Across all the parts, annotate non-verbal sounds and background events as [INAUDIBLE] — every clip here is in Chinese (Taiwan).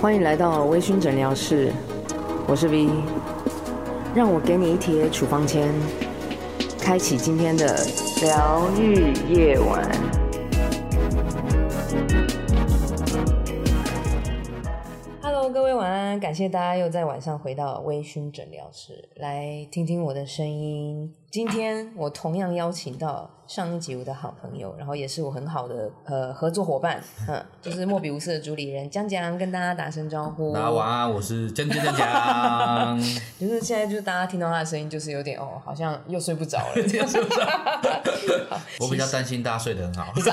歡迎來到微醺診療室，我是 V，讓我給你一貼處方簽，開啟今天的療癒夜晚。晚安，啊，感謝大家又在晚上回到微醺診療室來聽聽我的聲音。今天我同樣邀請到上一集我的好朋友，然後也是我很好的呃合作夥伴，嗯，就是莫比吾思的主理人姜獎，跟大家打聲招呼。大家晚安，我是真姜獎。 [LAUGHS] 就是現在，就是大家聽到他的聲音，就是有點哦，好像又睡不着了，這樣是不是？我比較擔心大家睡得很好。實 [LAUGHS]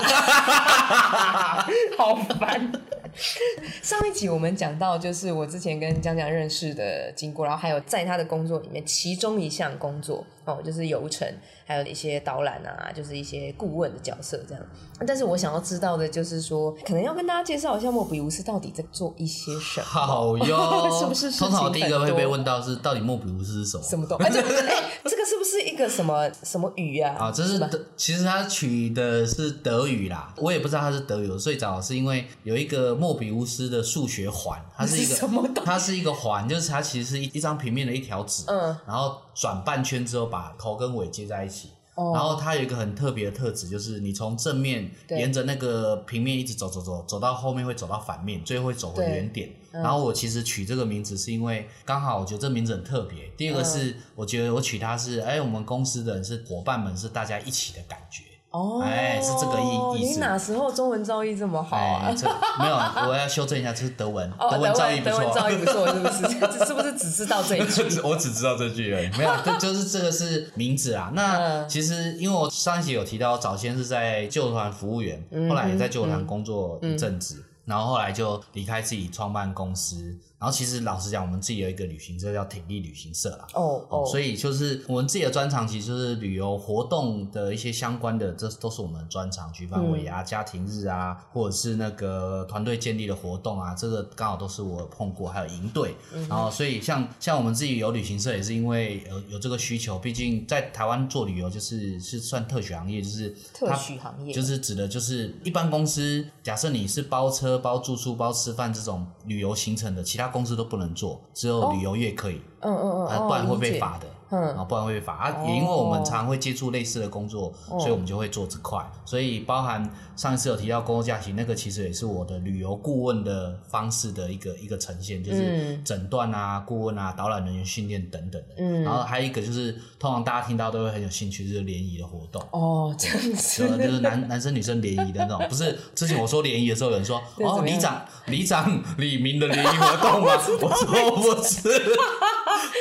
好煩。 [LAUGHS] 上一集我們講到，就是我之前跟姜姜認識的經過，然後還有在他的工作裡面，其中一項工作。.哦，就是遊程，還有一些導覽啊，就是一些顧問的角色這樣。但是我想要知道的就是說，可能要跟大家介紹一下莫比烏斯到底在做一些什麼？好喲呦， [LAUGHS] 是不是？通常我第一個會被問到是到底莫比烏斯是什麼？什麼東西？哎、欸欸，這個是不是一個什麼什麼語啊？啊、哦，這、就是，是嗎其實它取的是德語啦。我也不知道它是德語，最早是因為有一個莫比烏斯的數學環，它是一個，什麼它是一個環，就是它其實是一一張平面的一條紙，嗯，然後。轉半圈之後，把頭跟尾接在一起。哦。然後它有一個很特別的特質，就是你從正面對沿着那個平面一直走走走，走到後面會走到反面，最後會走回原點。嗯、然後我其實取這個名字是因為剛好我覺得這個名字很特別。第二個是我覺得我取它是，嗯、哎，我們公司的人是伙伴們，是大家一起的感覺。哦，哎，是這個意意思。你哪時候中文造詣這麼好、啊哎這？沒有，我要修正一下，這、就是德文。啊、德文造詣不錯，德文造詣不錯。是不是？ [LAUGHS] 是不是只知道這一句？我只知道這句而已。沒有 [LAUGHS] 就，就是這個是名字啊。那其實因為我上一集有提到，早先是在救國團服務員，嗯、後來也在救國團工作一陣子，嗯嗯、然後後來就離開自己創辦公司。然後其實老實講，我們自己有一個旅行社叫挺立旅行社啦。哦哦、oh, oh. 嗯，所以就是我們自己的專長其實就是旅遊活動的一些相關的，這都是我們的專長，舉辦尾牙、嗯、家庭日啊，或者是那個團隊建立的活動啊，這個剛好都是我碰過，還有營隊。然後所以像像我們自己有旅行社，也是因為有有這個需求，畢竟在台灣做旅遊就是是算特許行業，就是特許行業，就是指的就是一般公司假設你是包車、包住宿、包吃飯這種旅遊行程的，其他。公司都不能做，只有旅遊業可以。哦嗯嗯嗯，不然會被罰的，嗯，然後不然會被罰啊。也因為我們常會接觸類似的工作，所以我們就會做這塊。所以包含上一次有提到工作假期，那個其實也是我的旅遊顧問的方式的一個一個呈現，就是診斷啊、顧問啊、導覽人員訓練等等的。嗯，然後還有一個就是通常大家聽到都會很有興趣，就是聯誼的活動哦，這個樣子，就是男男生女生聯誼的那種。不是之前我說聯誼的時候，有人說哦，里長里長里民的聯誼活動嗎？我說我不是。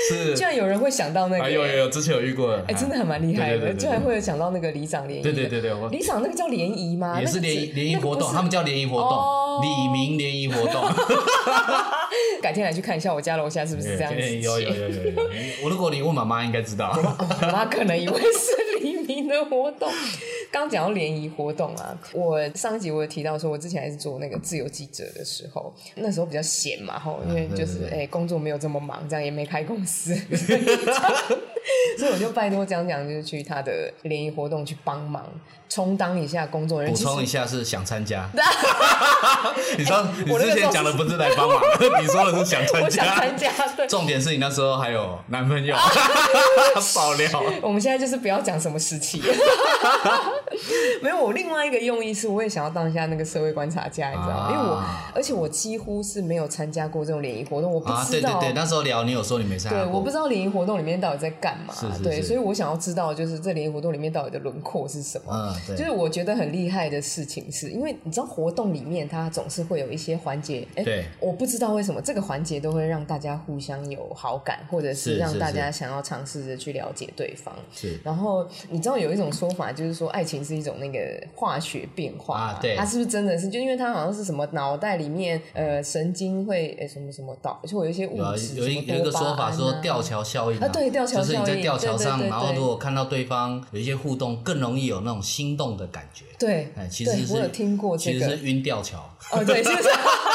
是，居然有人會想到那個，呦，哎呦有有，之前有遇過了，哎、欸，真的還蠻厲害的，居然會有想到那個里長聯誼，對對對對，我里長那個叫聯誼嗎？也是聯聯誼活動，哦、他們叫聯誼活動，李明聯誼活動， [LAUGHS] 改天來去看一下我家樓下是不是這樣、欸、有有有有有，我如果你問媽媽，應該知道，媽媽可能以為是黎明的活動。剛講到聯誼活動啊，我上一集我有提到說，我之前還是做那個自由記者的時候，那時候比較閒嘛，吼，因為就是、啊、對對對哎，工作沒有這麼忙，這樣也沒開公司， [LAUGHS] [LAUGHS] 所以我就拜託講講，就是去他的聯誼活動去幫忙，充當一下工作人員。補充一下是想參加， [LAUGHS] [LAUGHS] 你說道、欸、你之前講的不是來幫忙， [LAUGHS] [LAUGHS] 你說的是想參加，參加，重點是你那時候還有男朋友爆 [LAUGHS] 料。 [LAUGHS] 我們現在就是不要講什麼事情。 [LAUGHS] [LAUGHS] 沒有，我另外一個用意是，我也想要當一下那個社會觀察家，你知道嗎？啊、因為我而且我幾乎是沒有參加過這種聯誼活動，我不知道。啊、對，對，對，那時候聊，你有說你沒參加過。對，我不知道聯誼活動裡面到底在幹嘛。是，是，是。對，所以我想要知道，就是這聯誼活動裡面到底的輪廓是什麼。嗯、啊，對。就是我覺得很厲害的事情是，是因為你知道，活動裡面它總是會有一些環節。誒對。我不知道為什麼這個環節都會讓大家互相有好感，或者是讓大家想要嘗試着去了解對方。是，是，是。然後你知道有一種說法，就是說愛情。情是一種那個化學變化，啊，對。他是不是真的是？就因為他好像是什麼腦袋裡面呃神經會呃什麼什麼導，就有一些物質，啊、有一、啊、有一個說法說吊橋效應啊，啊，對，吊橋效應就是你在吊橋上，對對對對對，然後如果看到對方有一些互動，更容易有那種心動的感覺。對，哎、嗯，其實我有聽過、這個，其實是暈吊橋。哦，對，是、就、不是。 [LAUGHS]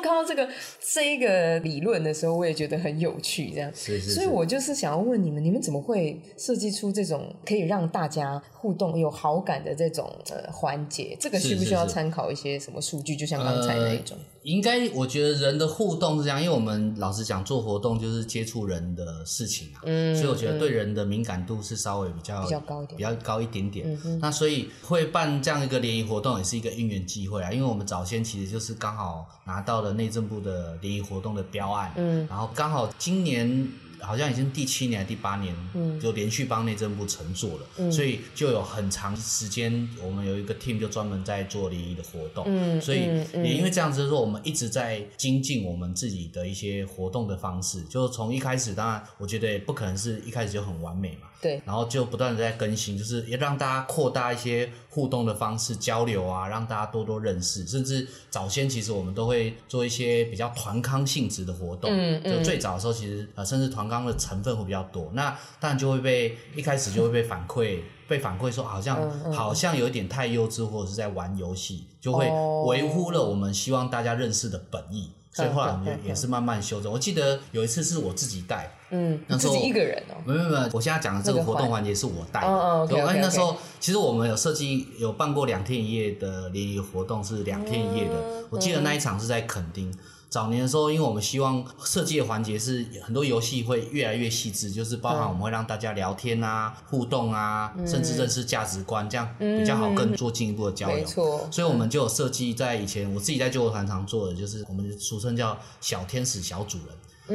看到這個這一個理論的時候，我也覺得很有趣，這樣，是是是，所以我就是想要問你們，你們怎麼會設計出這種可以讓大家互動有好感的這種呃環節？這個需不需要參考一些什麼數據？是是是，就像剛才那一種。呃應該我覺得人的互動是這樣，因為我們老實講做活動就是接觸人的事情，啊嗯、所以我覺得對人的敏感度是稍微比較比較高一點，一點，點、嗯、哼那所以會辦這樣一個聯誼活動也是一個姻緣機會啊，因為我們早先其實就是剛好拿到了內政部的聯誼活動的標案，嗯、然後剛好今年。好像已經第七年還是第八年，嗯，就連續幫內政部承做了，嗯、所以就有很長時間，我們有一個 team 就專門在做聯誼的活動，嗯，所以也因為這樣子，說我們一直在精進我們自己的一些活動的方式，就是從一開始，當然我覺得也不可能是一開始就很完美嘛，對，然後就不斷的在更新，就是也讓大家擴大一些。互動的方式交流啊，讓大家多多認識。甚至早先其實我們都會做一些比較團康性質的活動，嗯嗯、就最早的時候其實呃，甚至團康的成分會比較多。那當然就會被一開始就會被反饋，嗯、被反饋說好像、嗯嗯、好像有一點太幼稚，或者是在玩遊戲，就會維護了我們希望大家認識的本意。哦、所以後來也也是慢慢修正。呵呵呵我記得有一次是我自己帶。嗯，那時候，這是一個人哦。沒有沒有，我現在講的這個活動環節是我帶的。對，而且那時候其實我們有設計有辦過兩天一夜的聯誼活動，是兩天一夜的。嗯、我記得那一場是在墾丁。早年的時候，因為我們希望設計的環節是很多遊戲會越來越細緻，就是包含我們會讓大家聊天啊、嗯、互動啊，甚至認識價值觀，這樣比較好，更做進一步的交流、嗯。沒錯。所以我們就有設計在以前，我自己在救國團常做的，就是我們俗稱叫小天使、小主人。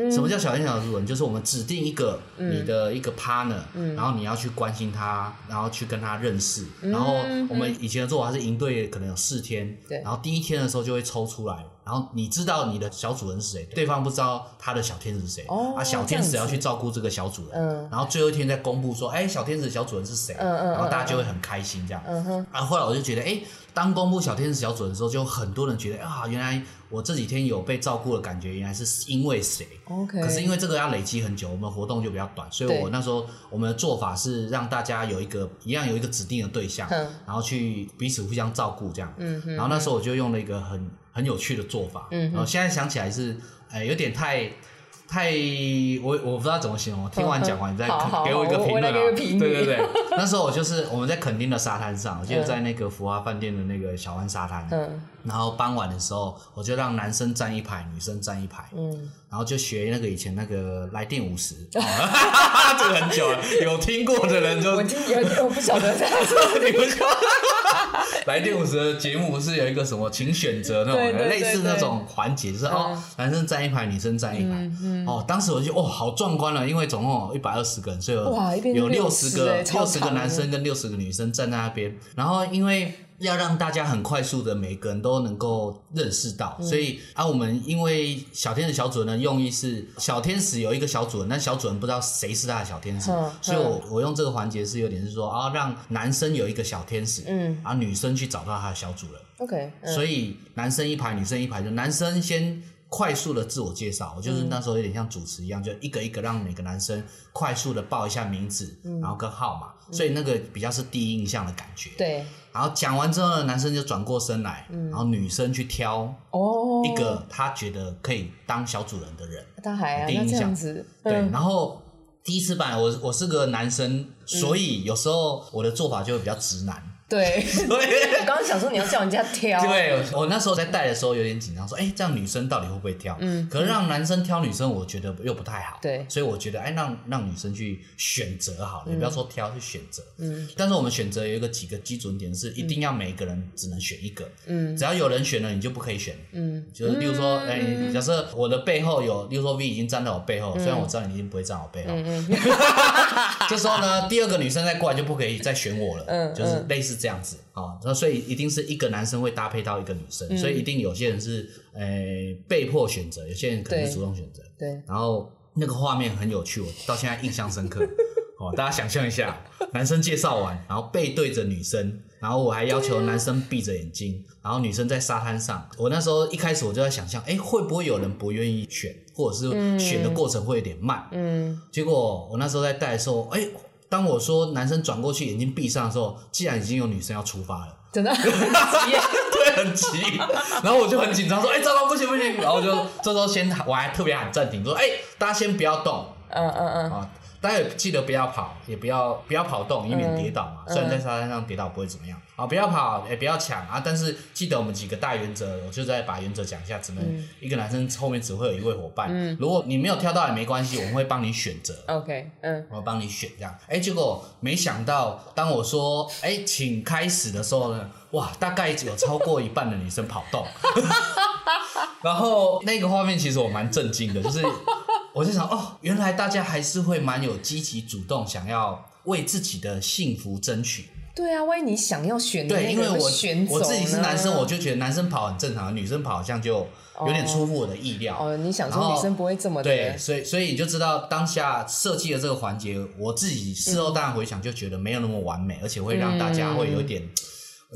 什麼叫小天使小主人？就是我們指定一個你的一個 partner，然後你要去關心他，然後去跟他認識，然後我們以前的做法是營隊可能有四天，然後第一天的時候就會抽出來，然後你知道你的小主人是誰，對方不知道他的小天使是誰，啊小天使要去照顧這個小主人，然後最後一天再公布說，哎，小天使小主人是誰？然後大家就會很開心這樣，嗯哼，啊，後來我就覺得，哎。當公布小天使小組的時候，就很多人覺得啊，原來我這幾天有被照顧的感覺，原來是因為誰？OK，可是因為這個要累積很久，我們活動就比較短，所以我那時候我們的做法是讓大家有一個一樣有一個指定的對象，呵然後去彼此互相照顧這樣。嗯、哼然後那時候我就用了一個很很有趣的做法，嗯、哼然後現在想起來是、欸、有點太。太，我我不知道怎麼形容。我聽完講完、嗯、再可給我一個評論啊！個個，對對對， [LAUGHS] 那時候我就是我們在墾丁的沙灘上，我記得在那個福華飯店的那個小灣沙灘。嗯、然後傍晚的時候，我就讓男生站一排，女生站一排。嗯、然後就學那個以前那個來電50，嗯嗯、 [LAUGHS] 就很久了。有聽過的人就、欸、我聽，有我不曉得你們。 [LAUGHS] [LAUGHS] 來電五十的節目不是有一個什麼，請選擇那種對對對對，類似那種環節，就是、嗯、哦，男生站一排，女生站一排。嗯嗯、哦，當時我就哦，好壯觀了，啊，因為總共一百二十個人，所以有六十個六十、欸、個男生跟六十個女生站在那邊，然後因為。要讓大家很快速的每個人都能夠認識到，所以啊，我們因為小天使小主人的用意是，小天使有一個小主人，但小主人不知道誰是他的小天使，所以我我用這個環節是有點是說啊，讓男生有一個小天使，嗯，啊，女生去找到他的小主人，OK，所以男生一排，女生一排，就男生先。快速的自我介紹，我就是那時候有點像主持一樣，嗯、就一個一個讓每個男生快速的報一下名字，嗯、然後跟號碼，嗯、所以那個比較是第一印象的感覺。對，然後講完之後，男生就轉過身來，嗯、然後女生去挑一個她覺得可以當小主人的人。他還第一印象，對。嗯、然後第一次辦，我我是個男生，所以有時候我的做法就會比較直男。對，我剛剛想說你要叫人家挑。對，我那時候在帶的時候有點緊張，說哎，這樣女生到底會不會挑？嗯，可是讓男生挑女生，我覺得又不太好。對，所以我覺得哎，讓讓女生去選擇好了，也不要說挑，是選擇。嗯，但是我們選擇有一個幾個基準點是，一定要每一個人只能選一個。嗯，只要有人選了，你就不可以選。嗯，就是例如說，哎，假設我的背後有，例如說 V 已經站在我背後，雖然我知道你已經不會站我背後。嗯，這時候呢，第二個女生再過來就不可以再選我了。嗯，就是類似。這樣子啊，哦，所以一定是一個男生會搭配到一個女生，嗯，所以一定有些人是誒、呃、被迫選擇，有些人可能是主動選擇。對，然後那個畫面很有趣，我到現在印象深刻。 [LAUGHS] 哦，大家想象一下，男生介紹完，然後背對着女生，然後我還要求男生閉着眼睛，對然後女生在沙灘上。我那時候一開始我就在想象，哎，會不會有人不願意選，或者是選的過程會有點慢？嗯，結果我那時候在帶的時候，哎。當我說男生轉過去眼睛閉上的時候，既然已經有女生要出發了，真的，很急， [LAUGHS] 對，很急。 [LAUGHS] 然後我就很緊張，說：“哎、 [LAUGHS] 欸，糟糕，不行不行。”然後就這時候先，我還特別喊暫停，說：“哎、欸，大家先不要動。嗯”嗯嗯嗯。好大家記得不要跑，也不要不要跑動，以免跌倒嘛。嗯、雖然在沙灘上跌倒不會怎麼樣、嗯、好，不要跑，也不要搶啊。但是記得我們幾個大原則，我就再把原則講一下：只能一個男生後面只會有一位夥伴。嗯、如果你沒有跳到也沒關係，我們會幫你選擇。OK，嗯，我幫你選。這樣，哎、欸，結果沒想到，當我說“哎、欸，請開始”的時候呢，哇，大概有超過一半的女生跑動， [LAUGHS] [LAUGHS] 然後那個畫面其實我蠻震驚的，就是。我就想哦，原來大家還是會蠻有積極主動，想要為自己的幸福爭取。對啊，萬一你想要選對，因為我選我自己是男生，我就覺得男生跑很正常，女生跑好像就有點出乎我的意料。哦，哦，你想說女生不會這麼對，所以所以你就知道當下設計的這個環節，我自己事後大家回想就覺得沒有那麼完美，嗯、而且會讓大家會有一點。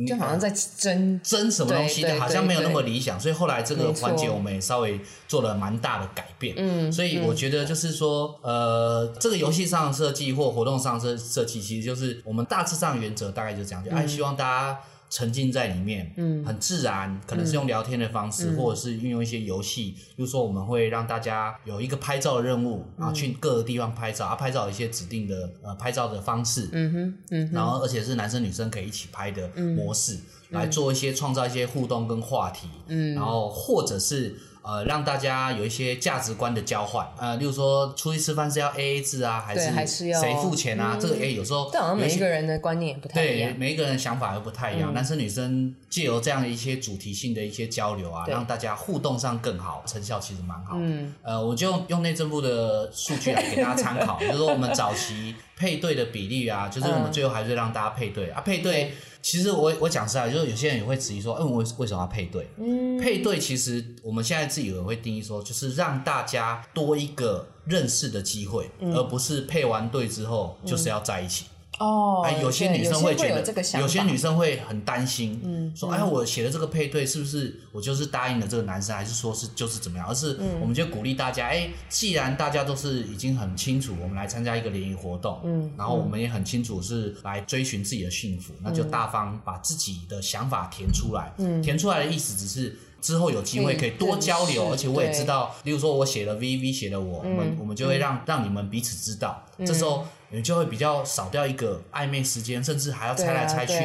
就好像在爭、嗯、爭什麼東西，對好像沒有那麼理想，所以後來這個環節我們也稍微做了蠻大的改變。嗯錯，所以我覺得就是說，嗯、呃，這個遊戲上的設計或活動上設設計，其實就是我們大致上原則大概就這樣，就哎，希望大家，沉浸在裡面，嗯，很自然，可能是用聊天的方式，嗯、或者是運用一些遊戲，嗯、比如說我們會讓大家有一個拍照的任務，啊，去各個地方拍照，嗯、啊，拍照有一些指定的呃拍照的方式，嗯哼，嗯哼，然後而且是男生女生可以一起拍的模式，嗯、來做一些創造一些互動跟話題，嗯，然後或者是。呃，讓大家有一些價值觀的交換，呃，例如說出去吃飯是要 AA 制啊，還是誰付錢啊？這個也、嗯欸、有時候有，但好像每一個人的觀念也不太一樣對，每一個人的想法又不太一樣。嗯、男生女生借由這樣一些主題性的一些交流啊，對讓大家互動上更好，成效其實蠻好。嗯，呃，我就用內政部的數據來給大家參考，比如 [LAUGHS] 說我們早期。配對的比例啊，就是我們最後還是讓大家配對、嗯、啊。配對，其實我我講實話，就是有些人也會質疑說，嗯，我為什麼要配對？嗯，配對其實我們現在自己也會定義說，就是讓大家多一個認識的機會，嗯、而不是配完對之後就是要在一起。嗯哦，哎，有些女生會覺得，有些女生會很擔心，嗯，說哎，我寫的這個配對是不是我就是答應了這個男生，還是說是就是怎麼樣？而是我們就鼓勵大家，哎，既然大家都是已經很清楚，我們來參加一個聯誼活動，嗯，然後我們也很清楚是來追尋自己的幸福，那就大方把自己的想法填出來，嗯，填出來的意思只是之後有機會可以多交流，而且我也知道，例如說我寫的 V，V 寫的我，我們我們就會讓讓你們彼此知道，這時候。你就會比較少掉一個曖昧時間，甚至還要猜來猜去，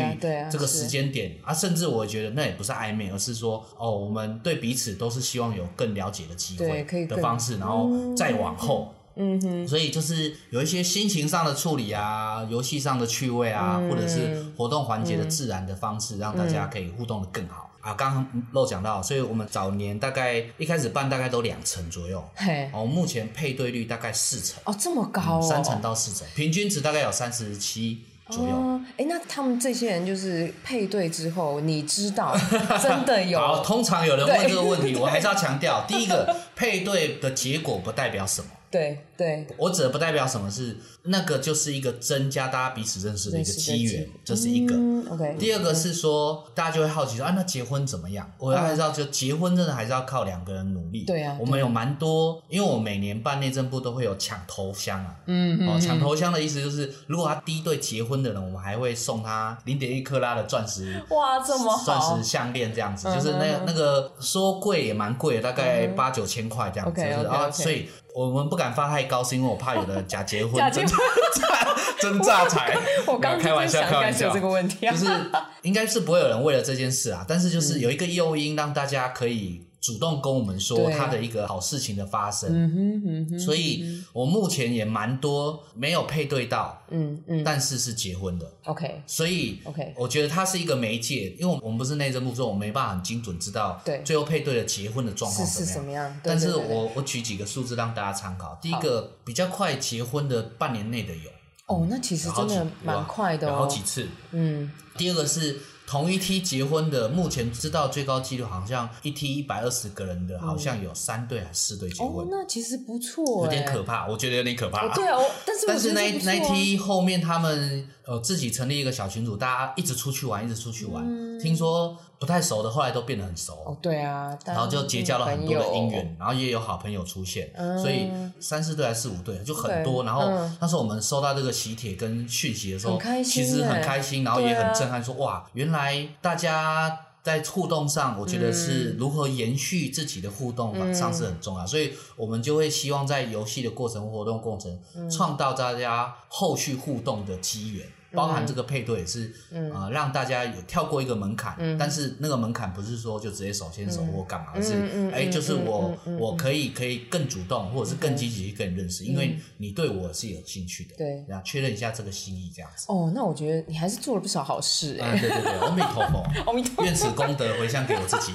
這個時間點。是啊，甚至我覺得那也不是曖昧，而是說哦，我們對彼此都是希望有更了解的機會的方式，然後再往後，嗯哼，所以就是有一些心情上的處理啊，遊戲上的趣味啊，嗯、或者是活動環節的自然的方式，嗯、讓大家可以互動的更好。嗯啊，剛剛漏講到，所以我們早年大概一開始辦大概都兩成左右，嘿，哦，目前配對率大概四成，哦，這麼高，哦嗯，三成到四成，平均值大概有三十七左右。哎，哦，那他們這些人就是配對之後，你知道 [LAUGHS] 真的有？通常有人問這個問題，對我還是要強調，第一個 [LAUGHS] 配對的結果不代表什麼。對對，我指的不代表什麼，是那個就是一個增加大家彼此認識的一個機緣，這是一個。OK。第二個是說，大家就會好奇說，啊，那結婚怎麼樣？我還是要就結婚真的還是要靠兩個人努力。對啊。我們有蠻多，因為我每年辦內政部都會有搶頭香啊。嗯。搶頭香的意思就是，如果他第一對結婚的人，我們還會送他零點一克拉的鑽石。哇，這麼好。鑽石項鏈這樣子，就是那那個說貴也蠻貴，大概八九千塊這樣子。啊，所以。我們不敢發太高，是因為我怕有的假結婚真、假結婚 [LAUGHS] 真詐財，真詐財。我剛 [LAUGHS] 開玩笑，開玩笑這個問題，就是 [LAUGHS] 應該是不會有人為了這件事啊。但是就是有一個誘因，讓大家可以。主動跟我們說他的一個好事情的發生，啊、所以，我目前也蠻多沒有配對到，嗯嗯，嗯但是是結婚的，OK，所以，OK，我覺得它是一個媒介，Okay. 因為我們不是內政部種，我沒辦法很精準知道，最後配對了結婚的狀況怎麼樣？麼樣？對對對對，但是我我舉幾個數字讓大家參考，第一個好比較快結婚的半年內的有，哦，那其實真的蠻快的、哦有，有好幾次，嗯，第二個是。同一梯結婚的，目前知道最高紀錄好像一梯一百二十個人的，嗯、好像有三對還是四對結婚？哦，那其實不錯，欸，有點可怕，我覺得有點可怕。哦、對啊、哦，但是 [LAUGHS] 但是那、啊、那批後面他們。呃，自己成立一個小群組，大家一直出去玩，一直出去玩。嗯、聽說不太熟的，後來都變得很熟。哦、對啊，然後就結交了很多的姻緣，嗯、然後也有好朋友出現。嗯、所以三四對還是四五對就很多。對然後但是我們收到這個喜帖跟訊息的時候，嗯、很開心其實很開心，然後也很震撼說，說、啊、哇，原來大家在互動上，我覺得是如何延續自己的互動上是很重要。嗯、所以我們就會希望在遊戲的過程、活動過程，創、嗯、造大家後續互動的機緣。包含這個配對也是，啊，讓大家有跳過一個門檻，但是那個門檻不是說就直接手牽手或幹嘛，而是哎，就是我我可以可以更主動，或者是更積極去跟你認識，因為你對我是有興趣的，對，這樣確認一下這個心意，這樣子。哦，那我覺得你還是做了不少好事，哎，對對對，阿彌陀佛，阿彌陀佛，願此功德回向給我自己。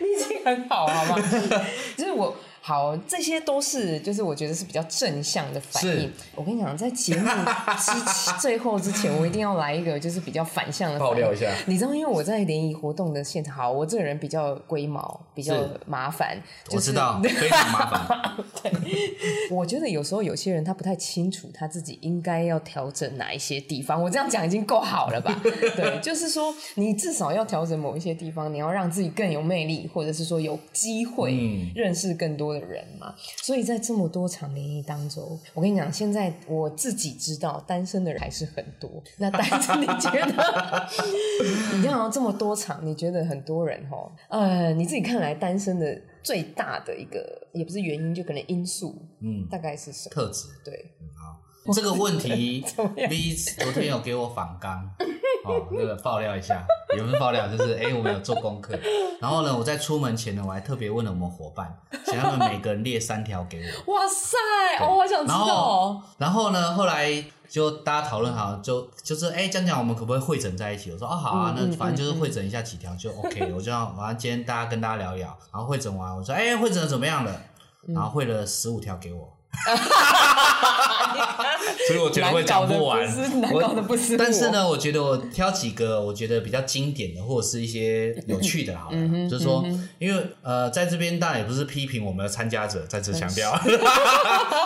你已經很好，好嗎？其實就是我。好，這些都是就是我覺得是比較正向的反應。是我跟你講，在節目之 [LAUGHS] 最後之前，我一定要來一個就是比較反向的反應。爆料一下。你知道，因為我在聯誼活動的現場，好，我這個人比較龜毛，比較麻煩。是就是、我知道，對非常麻煩。 [LAUGHS] 我覺得有時候有些人他不太清楚他自己應該要調整哪一些地方。我這樣講已經夠好了吧？對， [LAUGHS] 就是說你至少要調整某一些地方，你要讓自己更有魅力，或者是說有機會認識更多。嗯的人嘛，所以在這麼多場聯誼當中，我跟你講，現在我自己知道單身的人還是很多。那但是你覺得？ [LAUGHS] 你看這麼多場，你覺得很多人呃，你自己看來單身的最大的一個，也不是原因，就可能因素，嗯，大概是什麼特質質？對、嗯，這個問題，V 昨天有給我反剛。 [LAUGHS] 麼樣 [LAUGHS] 哦，那個爆料一下，有沒有爆料？就是哎、欸，我們有做功課，然後呢，我在出門前呢，我還特別問了我們伙伴，請他們每個人列三條給我。哇塞對、哦，我好想知道、哦然。然後呢，後來就大家討論好，就就是哎，講、欸、講我們可不可以彙整在一起？我說哦，好啊，那反正就是彙整一下幾條、嗯嗯、就 OK。我就要，馬上今天大家跟大家聊一聊，然後彙整完，我說哎，彙、欸、整怎麼樣了？然後彙了十五條給我。 [LAUGHS] [LAUGHS] 所以我覺得會講不完。我 [LAUGHS] 但是呢，我覺得我挑幾個我覺得比較經典的，或者是一些有趣的，好了，就是說，因為呃，在這邊當然也不是批評我們的參加者，再次強調。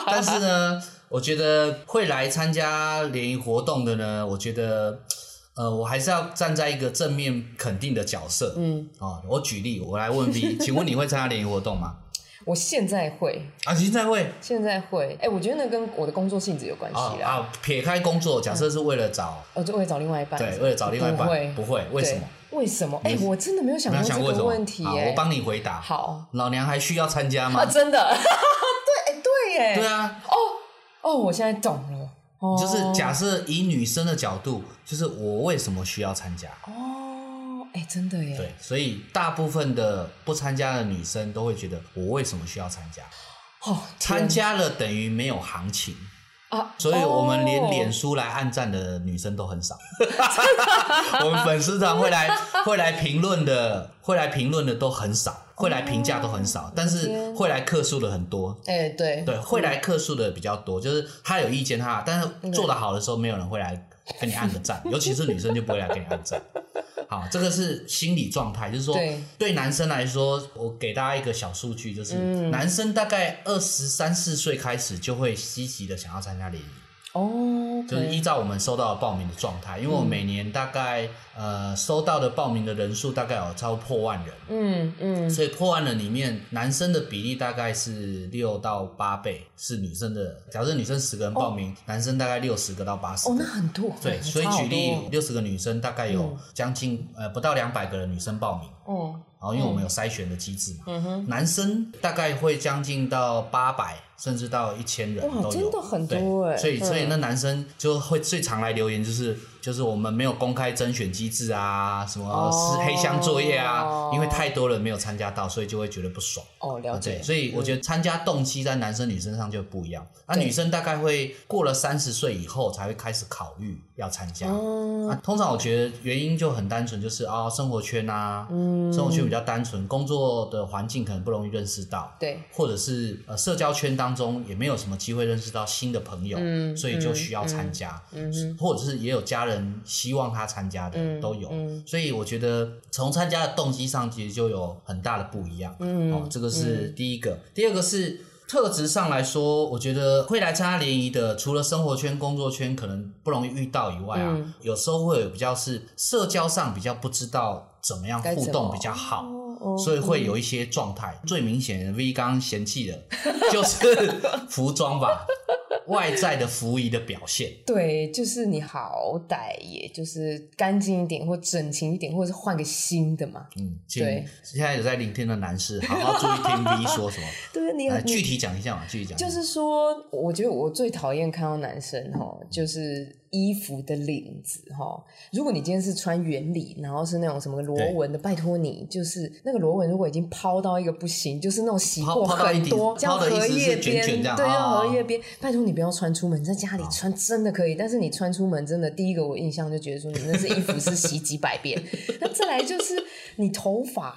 但是呢，我覺得會來參加聯誼活動的呢，我覺得呃，我還是要站在一個正面肯定的角色。嗯，啊，我舉例，我來問 V，請問你會參加聯誼活動嗎？我現在會啊，現在會，現在會。哎，我覺得那跟我的工作性質有關係了。啊，撇開工作，假設是為了找，呃，就為了找另外一半。對，為了找另外一半，不會，為什麼？為什麼？哎，我真的沒有想過這個問題。我幫你回答。好，老娘還需要參加嗎？真的？對，哎，對，對啊。哦哦，我現在懂了。就是假設以女生的角度，就是我為什麼需要參加？哦。哎，真的耶！對，所以大部分的不參加的女生都會覺得，我為什麼需要參加？哦，參加了等於沒有行情，所以我們連臉書來按讚的女生都很少。我們粉絲團會來會來評論的，會來評論的都很少，會來評價都很少，但是會來客訴的很多。哎，對，對，會來客訴的比較多，就是他有意見他，但是做得好的時候，沒有人會來跟你按個讚，尤其是女生就不會來給你按讚。好，這個是心理狀態，就是說，對，對男生來說，我給大家一個小數據，就是、嗯、男生大概二十三四歲開始就會積極的想要參加聯誼。哦。就是依照我們收到的報名的狀態，因為我每年大概呃收到的報名的人數大概有超過萬人，嗯嗯，嗯所以破萬人裡面男生的比例大概是六到八倍是女生的。假設女生十個人報名，哦、男生大概六十個到八十。哦，那很多。對，所以舉例六十、欸、個女生大概有將近、嗯、呃不到兩百個的女生報名。嗯、哦，然後因為我們有篩選的機制嘛、嗯。嗯哼。男生大概會將近到八百。甚至到一千人都有，哇。真的很多哎！所以，嗯、所以那男生就會最常來留言，就是就是我們沒有公開甄選機制啊，什麼黑箱作業啊，哦、因為太多人沒有參加到，所以就會覺得不爽。哦，了解。所以，我覺得參加動機在男生、女生上就不一樣。那、嗯啊、女生大概會過了三十歲以後才會開始考慮要參加。哦、嗯啊，通常我覺得原因就很單純，就是啊、哦，生活圈啊，嗯、生活圈比較單純，工作的環境可能不容易認識到。對，或者是呃，社交圈當。當中也沒有什麼機會認識到新的朋友，嗯嗯、所以就需要參加，嗯嗯、或者是也有家人希望他參加的都有。嗯嗯、所以我覺得從參加的動機上其實就有很大的不一樣。嗯、哦，這個是第一個。嗯、第二個是特質上來說，我覺得會來參加聯誼的，除了生活圈、工作圈可能不容易遇到以外啊，嗯、有時候會有比較是社交上比較不知道怎麼樣互動比較好。Oh, 所以會有一些狀態，嗯、最明顯，V 剛嫌棄的就是服裝吧， [LAUGHS] 外在的服儀的表現。對，就是你好歹也就是乾淨一點，或整齊一點，或者是換個新的嘛。嗯，對。現在有在聆聽的男士，好好注意聽 V 說什麼。 [LAUGHS] 對，你具體講一下嘛，具體講。就是說，我覺得我最討厭看到男生哦，就是。衣服的領子哦，如果你今天是穿圓領，然後是那種什麼螺紋的，對拜託你就是那個螺紋，如果已經拋到一個不行，就是那種洗過很多，叫荷葉邊，捲捲對，荷葉邊，啊、拜託你不要穿出門，在家裡穿真的可以，啊、但是你穿出門真的，第一個我印象就覺得說你那是衣服是洗幾百遍， [LAUGHS] 那再來就是你頭髮。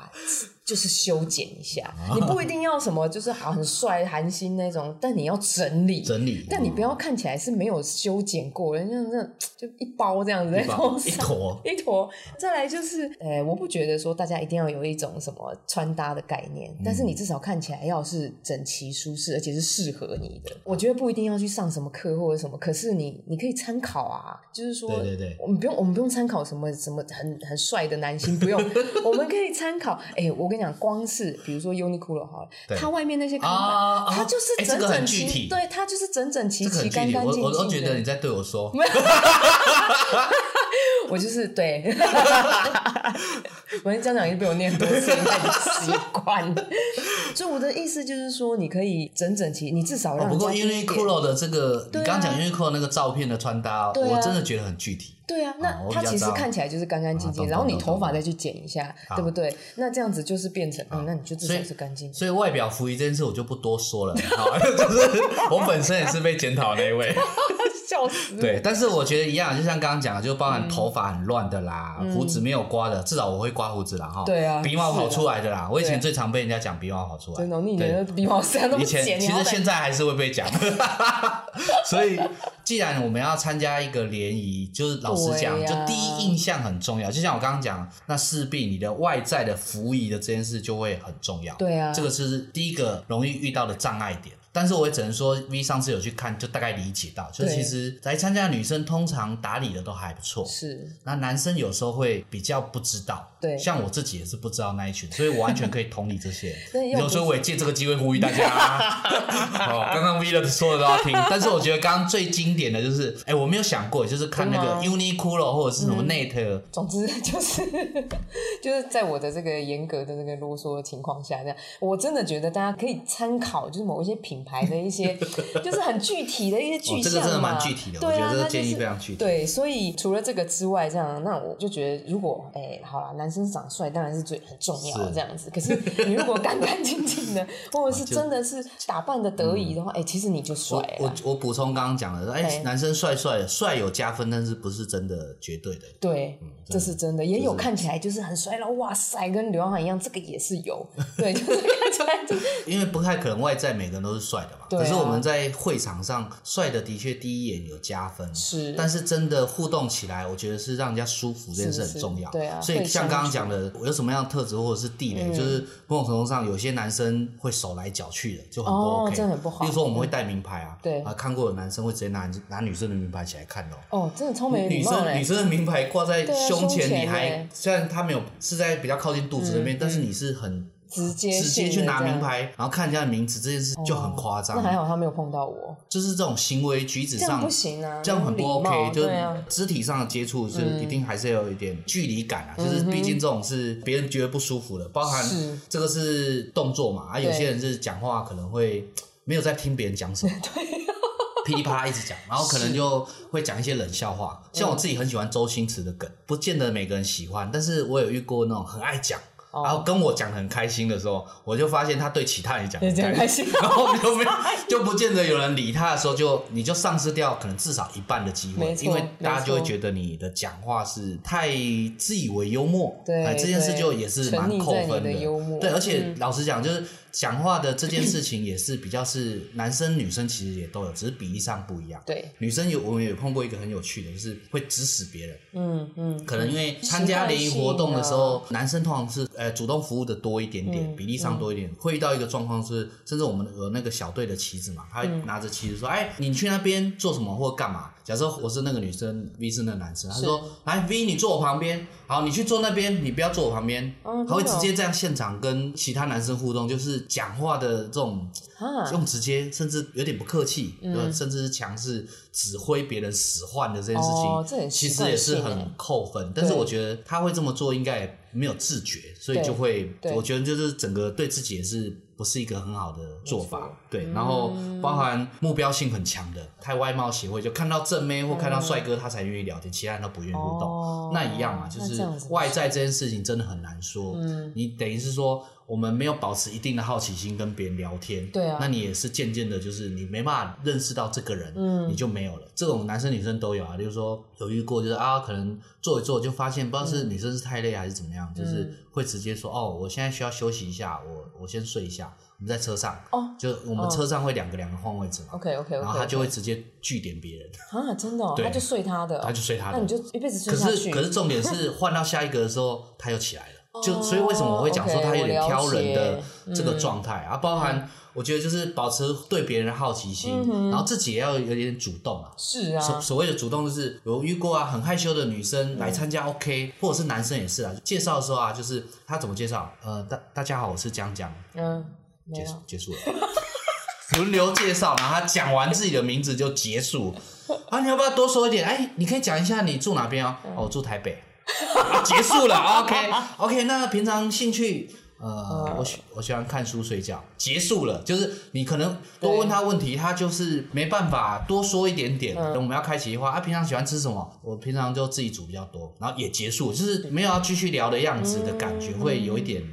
就是修剪一下，啊、你不一定要什麼，就是好很帥韓星那種， [LAUGHS] 但你要整理整理，但你不要看起來是沒有修剪過，人家那就一包這樣子，把上一坨一坨，再來就是，哎、呃，我不覺得說大家一定要有一種什麼穿搭的概念，嗯、但是你至少看起來要是整齊舒適，而且是適合你的。嗯、我覺得不一定要去上什麼課或者什麼，可是你你可以參考啊，就是說，對對對，我們不用我們不用參考什麼什麼很很帥的男星，不用， [LAUGHS] 我們可以參考，哎、欸，我跟。光是比如說 Uniqlo 好了，對它外面那些，它就是整整齊，對，它就是整整齊齊、乾乾淨淨。我都覺得你在對我說。 [LAUGHS] [LAUGHS] 我就是對，我跟姜獎已經被我念多次了，已經習慣了。所以我的意思就是說，你可以整整齊，你至少讓。不過，因為 Kuro 的這個，你剛講因為 Kuro 那個照片的穿搭，我真的覺得很具體。對啊，那它其實看起來就是干干淨淨，然後你頭髮再去剪一下，對不對？那這樣子就是變成，嗯，那你就至少是乾淨。所以外表浮於這件事，我就不多說了。我本身也是被檢討那一位。笑死！對，但是我覺得一樣，就像剛剛講的，就包含頭髮很亂的啦，胡、嗯、子沒有刮的，至少我會刮鬍子啦。哈。對啊，鼻毛跑出來的啦，的我以前最常被人家講鼻毛跑出來，很容易對，鼻毛塞那麼以前其實現在還是會被講。 [LAUGHS] [LAUGHS] 所以，既然我們要參加一個聯誼，就是老實講，就第一印象很重要。就像我剛剛講，那勢必你的外在的服儀的這件事就會很重要。對啊，這個是第一個容易遇到的障礙點。但是我也只能說，V 上次有去看，就大概理解到，就是其實來參加的女生通常打理的都還不錯，是對。那男生有時候會比較不知道，對。像我自己也是不知道那一群，所以我完全可以同理這些。 [LAUGHS] 就是、以，有時候我也借這個機會呼籲大家。好，剛剛 V 的說的都要聽，但是我覺得剛剛最經典的就是，哎、欸，我沒有想過，就是看那個 Uniqlo 或者是什麼 Net，總之就是就是在我的這個嚴格的這個囉嗦的情況下，這樣我真的覺得大家可以參考，就是某一些品。 [LAUGHS] 品牌的一些，就是很具體的一些具象嘛，對啊，這個建議非常具體的對，啊就是。對，所以除了這個之外，這樣那我就覺得，如果哎，好了，男生長帥當然是最很重要的這樣子。是，可是你如果乾乾淨淨的， [LAUGHS] 或者是真的是打扮的得、得宜的話，哎、啊嗯欸，其實你就帥了。我我、我補充剛剛講的，哎，欸、男生帥帥的帥有加分，但是不是真的絕對的。對，嗯、這是真的，也有看起來就是很帥了，哇塞，跟劉德華一樣，這個也是有。對，就是看起來就 [LAUGHS] 因為不太可能外在每個人都是。帥的嘛，啊、可是我們在會場上帥的的確第一眼有加分，是。但是真的互動起來，我覺得是讓人家舒服，這件事很重要。是是對啊。所以像剛剛講的，有什麼樣的特質或者是地雷，嗯、就是某種程度上有些男生會手來腳去的，就很不、OK。o、哦、真的不好。比如說我們會戴名牌啊，對啊，看過有男生會直接拿拿女生的名牌起來看哦。哦，真的超沒禮貌、欸。女生女生的名牌掛在胸前，你還、啊欸、雖然他沒有是在比較靠近肚子那邊，嗯、但是你是很。直接直接去拿名牌，然後看人家的名字，這件事就很誇張。那還好他沒有碰到我。就是這種行為舉止上不行啊，這樣很不 OK，就是肢體上的接觸是一定還是要有一點距離感啊，就是畢竟這種是別人覺得不舒服的。包含這個是動作嘛，啊，有些人是講話可能會沒有在聽別人講什麼，對，噼里啪啦一直講，然後可能就會講一些冷笑話。像我自己很喜歡周星馳的梗，不見得每個人喜歡，但是我有遇過那種很愛講。然後跟我講得很開心的時候，我就發現他對其他人講也講開心，然後就 [LAUGHS] 就不見得有人理他的時候就，就你就喪失掉可能至少一半的機會，沒錯，因為大家就會覺得你的講話是太自以為幽默，對，這件事就也是蠻扣分的，的對，而且老實講就是。嗯講話的這件事情也是比較是男生女生其實也都有，只是比例上不一樣。對，女生有，我們有碰過一個很有趣的，就是會指使別人。嗯嗯。可能因為參加聯誼活動的時候，男生通常是呃主動服務的多一點點，比例上多一點。會遇到一個狀況是，甚至我們有那個小隊的旗子嘛，他會拿着旗子說：“哎，你去那邊做什麼或幹嘛？”假設我是那個女生，V 是那個男生，他說：“來，V，你坐我旁邊。好，你去坐那邊，你不要坐我旁邊。”他會直接這樣現場跟其他男生互動，就是。講話的這種，用直接甚至有點不客氣，嗯、甚至是強勢指揮別人使喚的這件事情，哦、其實也是很扣分。對但是我覺得他會這麼做，應該也沒有自覺，所以就會。我覺得就是整個對自己也是不是一個很好的做法。錯對，然後包含目標性很強的，太外貌協會，就看到正妹或看到帥哥他才願意聊天，嗯、其他人都不願意互動。哦、那一樣嘛，就是外在這件事情真的很難說。嗯、你等於是說。我們沒有保持一定的好奇心跟別人聊天，對啊，那你也是漸漸的，就是你沒辦法認識到這個人，嗯，你就沒有了。這種男生女生都有啊，就是說有遇過，就是啊，可能坐一坐就發現，不知道是女生是太累還是怎麼樣，嗯，就是會直接說哦，我現在需要休息一下，我我先睡一下。我們在車上哦，就我們車上會兩個兩個換位置嘛，哦，OK OK，okay，然後他就會直接拒點別人啊，真的哦，他就睡他的，他就睡他的，那你就一輩子睡他的。可是可是重點是換到下一個的時候他又起來了。 [LAUGHS] Oh, okay, 就所以為什麼我會講說他有點挑人的這個狀態啊、嗯、啊，包含我覺得就是保持對別人的好奇心，嗯、哼然後自己也要有點主動啊。是啊，所所謂的主動就是有遇過啊，很害羞的女生來參加 OK、嗯、或者是男生也是啊，介紹的時候啊，就是他怎麼介紹？呃，大大家好，我是姜姜。嗯，結束結束了，輪流介紹，然後他講完自己的名字就結束。啊，你要不要多說一點？哎、欸，你可以講一下你住哪邊啊？哦，嗯、哦我住台北。 [LAUGHS] 啊、結束了，OK，OK。 [LAUGHS] okay, okay, 那平常興趣，呃，呃我喜我喜歡看書、睡覺。結束了，就是你可能多問他問題，對他就是沒辦法多說一點點。嗯、等我們要開啟的話，啊，平常喜歡吃什麼？我平常就自己煮比較多，然後也結束，就是沒有要繼續聊的樣子的感覺，嗯、會有一點。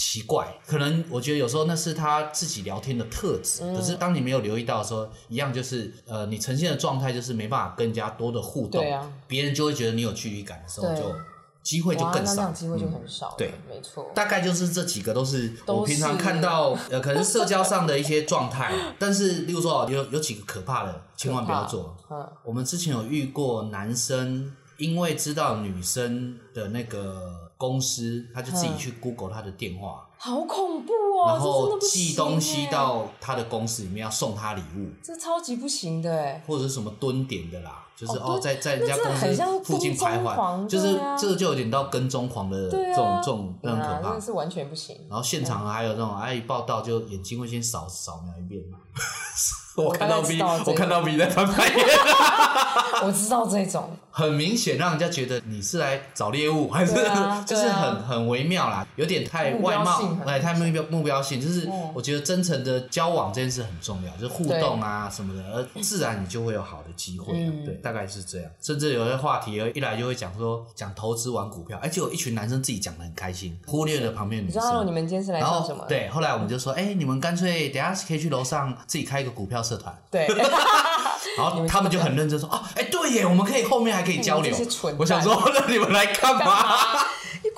奇怪，可能我覺得有時候那是他自己聊天的特質。嗯、可是當你沒有留意到的時候，一樣，就是呃，你呈現的狀態就是沒辦法跟人家多的互動，對啊，別人就會覺得你有距離感的時候就，就機對會就更少，那那機會就很少，嗯、錯對，沒錯。大概就是這幾個都是，我平常看到是呃，可能社交上的一些狀態。 [LAUGHS] 但是，例如說，有有幾個可怕的，千萬不要做。嗯、我們之前有遇過男生，因為知道女生的那個。公司，他就自己去 Google 他的電話，好恐怖啊、哦！然後寄東西到他的公司裡面，要送他禮物，這超級不行的，或者什麼蹲點的啦。就是哦，在在人家公司附近徘徊，就是這個就有點到跟蹤狂的這種這種，那種可怕是完全不行。然後現場還有那種，哎，一報到，就眼睛會先掃掃描一遍。我看到 V，我看到 V 在翻白眼。我知道這種很明顯，讓人家覺得你是來找獵物，還是就是很很微妙啦，有點太外貌，來太目標目標性，就是我覺得真誠的交往這件事很重要，就是互動啊什麼的，而自然你就會有好的機會。對。大概是這樣，甚至有些話題一來就會講說講投資玩股票，而、欸、且有一群男生自己講得很開心，忽略了旁邊女生。你知道你們今天是來做什麼？對，後來我們就說，哎、欸，你們乾脆等下可以去樓上自己開一個股票社團。對， [LAUGHS] 然後他們就很認真說，哦、啊，哎、欸，對耶，我們可以後面還可以交流。那我想說，讓你們來幹嘛。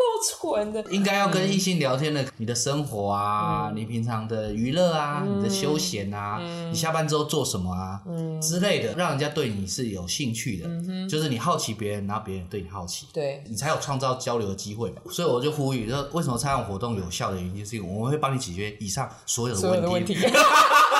好蠢的，應該要跟異性聊天的，你的生活啊，嗯、你平常的娛樂啊，嗯、你的休閒啊，嗯、你下班之後做什麼啊、嗯、之類的，讓人家對你是有興趣的，嗯、哼就是你好奇別人，然後別人對你好奇，對你才有創造交流的機會嘛。所以我就呼籲說，為什麼參加活動有效的原因就是，我們會幫你解決以上所有的問題。 [LAUGHS]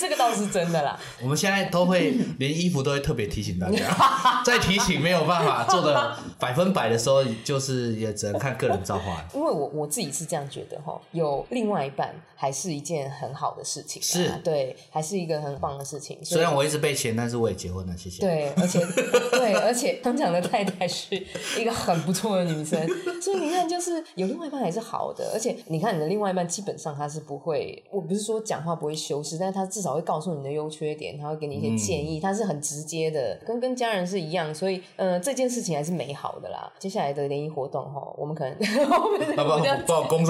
這個倒是真的啦。 [LAUGHS] 我們現在都會連衣服都會特別提醒大家，在 [LAUGHS] 提醒沒有辦法做的百分百的時候，就是也只能看個人造化。因為我我自己是這樣覺得哈，有另外一半還是一件很好的事情、啊，是對，還是一個很棒的事情。雖然我一直被錢，但是我也結婚了，謝謝。對，而且對，而且姜獎的太太是一個很不錯的女生，所以你看，就是有另外一半還是好的。而且你看，你的另外一半基本上他是不會，我不是說講話不會修飾，但是他至少。會告訴你的優缺點，他會給你一些建議，他、嗯、是很直接的，跟跟家人是一樣，所以，嗯、呃，這件事情還是美好的啦。接下來的聯誼活動哈，我們可能要要我們工商廣告工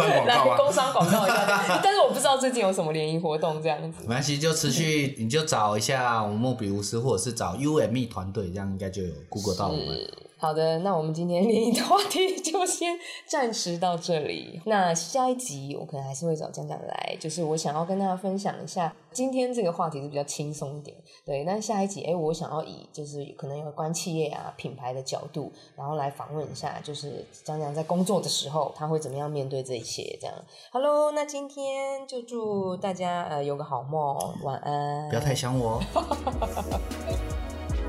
商廣告一下， [LAUGHS] 但是我不知道最近有什麼聯誼活動這樣子。沒關係，就持續， [LAUGHS] 你就找一下我們莫比吾思，或者是找 UME 團隊，這樣應該就有 Google 到我們。好的，那我們今天聯誼的話題就先暫時到這裡。那下一集我可能還是會找姜姜來，就是我想要跟大家分享一下今天這個話題是比較輕鬆一點。對，那下一集哎，我想要以就是可能有關企業啊、品牌的角度，然後來訪問一下，就是姜姜在工作的時候他會怎麼樣面對這一些。這樣。Hello，那今天就祝大家呃有個好夢，晚安。不要太想我。 [LAUGHS]